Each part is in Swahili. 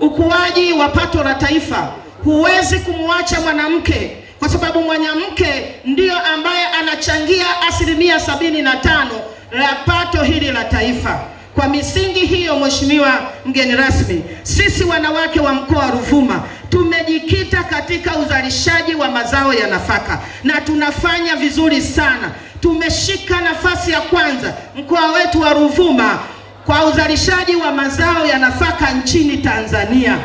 ukuaji wa pato la taifa. Huwezi kumwacha mwanamke kwa sababu mwanamke ndiyo ambaye anachangia asilimia sabini na tano la pato hili la taifa. Kwa misingi hiyo, Mheshimiwa mgeni rasmi, sisi wanawake wa mkoa wa Ruvuma tumejikita katika uzalishaji wa mazao ya nafaka na tunafanya vizuri sana. Tumeshika nafasi ya kwanza mkoa wetu wa Ruvuma kwa uzalishaji wa mazao ya nafaka nchini Tanzania.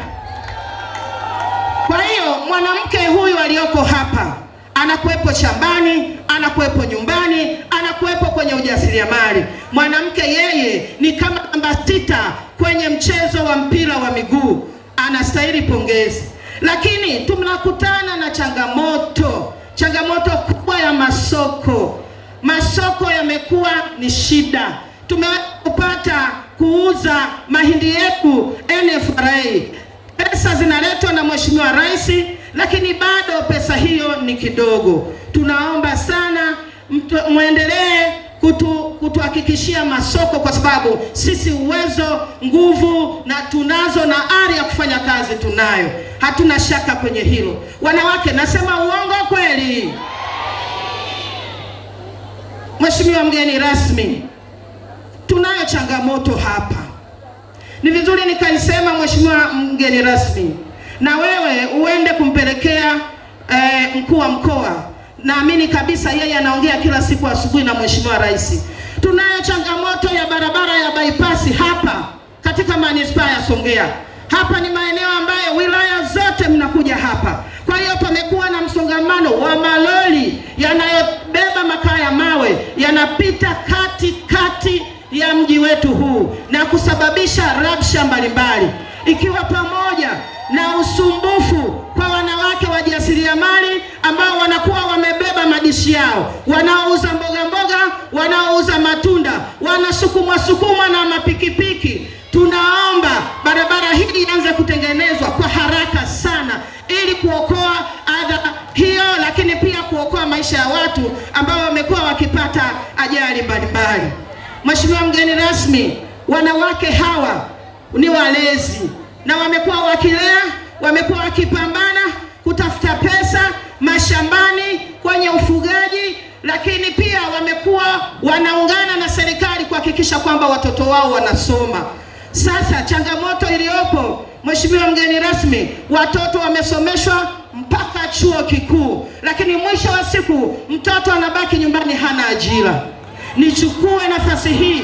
Kwa hiyo mwanamke huyu aliyoko hapa anakuwepo shambani, anakuwepo nyumbani, anakuwepo kwenye ujasiriamali. Mwanamke yeye ni kama namba sita kwenye mchezo wa mpira wa miguu, anastahili pongezi. Lakini tunakutana na changamoto, changamoto kubwa ya masoko. Masoko yamekuwa ni shida tume kuuza mahindi yetu NFRA. Pesa zinaletwa na Mheshimiwa Rais, lakini bado pesa hiyo ni kidogo. Tunaomba sana mwendelee kutu, kutuhakikishia masoko kwa sababu sisi uwezo, nguvu na tunazo na ari ya kufanya kazi tunayo, hatuna shaka kwenye hilo. Wanawake, nasema uongo kweli? Mheshimiwa mgeni rasmi tunayo changamoto hapa. Ni vizuri nikaisema, mheshimiwa mgeni rasmi, na wewe uende kumpelekea eh, mkuu wa mkoa. Naamini kabisa yeye anaongea kila siku asubuhi na mheshimiwa rais. Tunayo changamoto ya barabara ya bypass hapa katika manispaa ya Songea. Hapa ni maeneo ambayo wilaya zote mnakuja hapa, kwa hiyo pamekuwa na msongamano wa malori yanayobeba makaa ya mawe yanapita kati kati ya mji wetu huu na kusababisha rabsha mbalimbali, ikiwa pamoja na usumbufu kwa wanawake wajasiriamali ambao wanakuwa wamebeba madishi yao, wanaouza mboga mboga, wanaouza matunda, wanasukumwa sukumwa na mapikipiki. Tunaomba barabara hii ianze kutengenezwa kwa haraka sana ili kuokoa adha hiyo, lakini pia kuokoa maisha ya watu ambao wamekuwa wakipata ajali mbalimbali. Mheshimiwa mgeni rasmi, wanawake hawa ni walezi na wamekuwa wakilea, wamekuwa wakipambana kutafuta pesa mashambani, kwenye ufugaji, lakini pia wamekuwa wanaungana na serikali kuhakikisha kwamba watoto wao wanasoma. Sasa changamoto iliyopo Mheshimiwa mgeni rasmi, watoto wamesomeshwa mpaka chuo kikuu, lakini mwisho wa siku mtoto anabaki nyumbani, hana ajira. Nichukue nafasi hii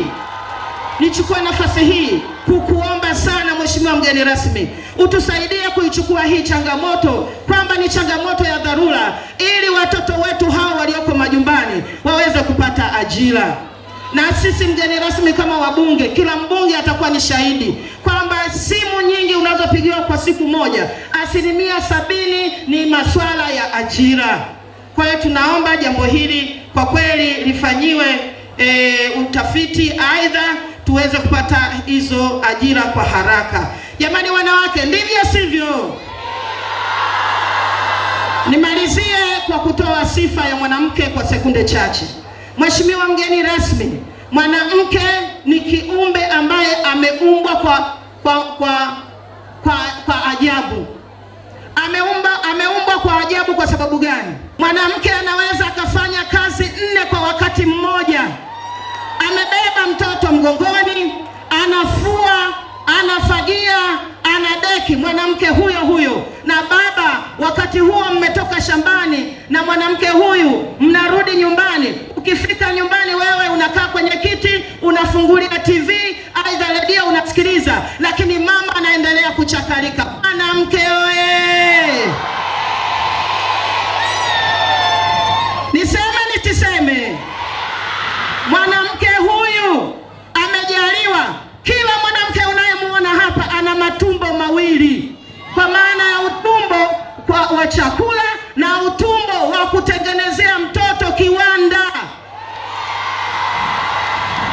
nichukue nafasi hii kukuomba sana Mheshimiwa mgeni rasmi, utusaidie kuichukua hii changamoto kwamba ni changamoto ya dharura, ili watoto wetu hao walioko majumbani waweze kupata ajira. Na sisi mgeni rasmi, kama wabunge, kila mbunge atakuwa ni shahidi kwamba simu nyingi unazopigiwa kwa siku moja, asilimia sabini ni masuala ya ajira. Kwa hiyo tunaomba jambo hili kwa kweli lifanyiwe e, utafiti aidha tuweze kupata hizo ajira kwa haraka. Jamani wanawake, ndivyo sivyo? Nimalizie kwa kutoa sifa ya mwanamke kwa sekunde chache. Mheshimiwa mgeni rasmi, mwanamke ni kiumbe ambaye ameumbwa kwa, kwa, kwa, kwa, kwa ajabu. Ameumba, ameumbwa kwa ajabu. Kwa sababu gani? mwanamke mgongoni, anafua, anafagia, anadeki, mwanamke huyo huyo na baba. Wakati huo mmetoka shambani na mwanamke huyu, mnarudi nyumbani. Ukifika nyumbani, wewe unakaa kwenye kiti, unafungulia TV aidha redio unasikiliza, lakini mama anaendelea kuchakarika. wawili, kwa maana ya utumbo kwa wa chakula na utumbo wa kutengenezea mtoto kiwanda.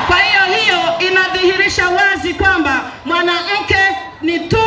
Kwa hiyo hiyo inadhihirisha wazi kwamba mwanamke ni tu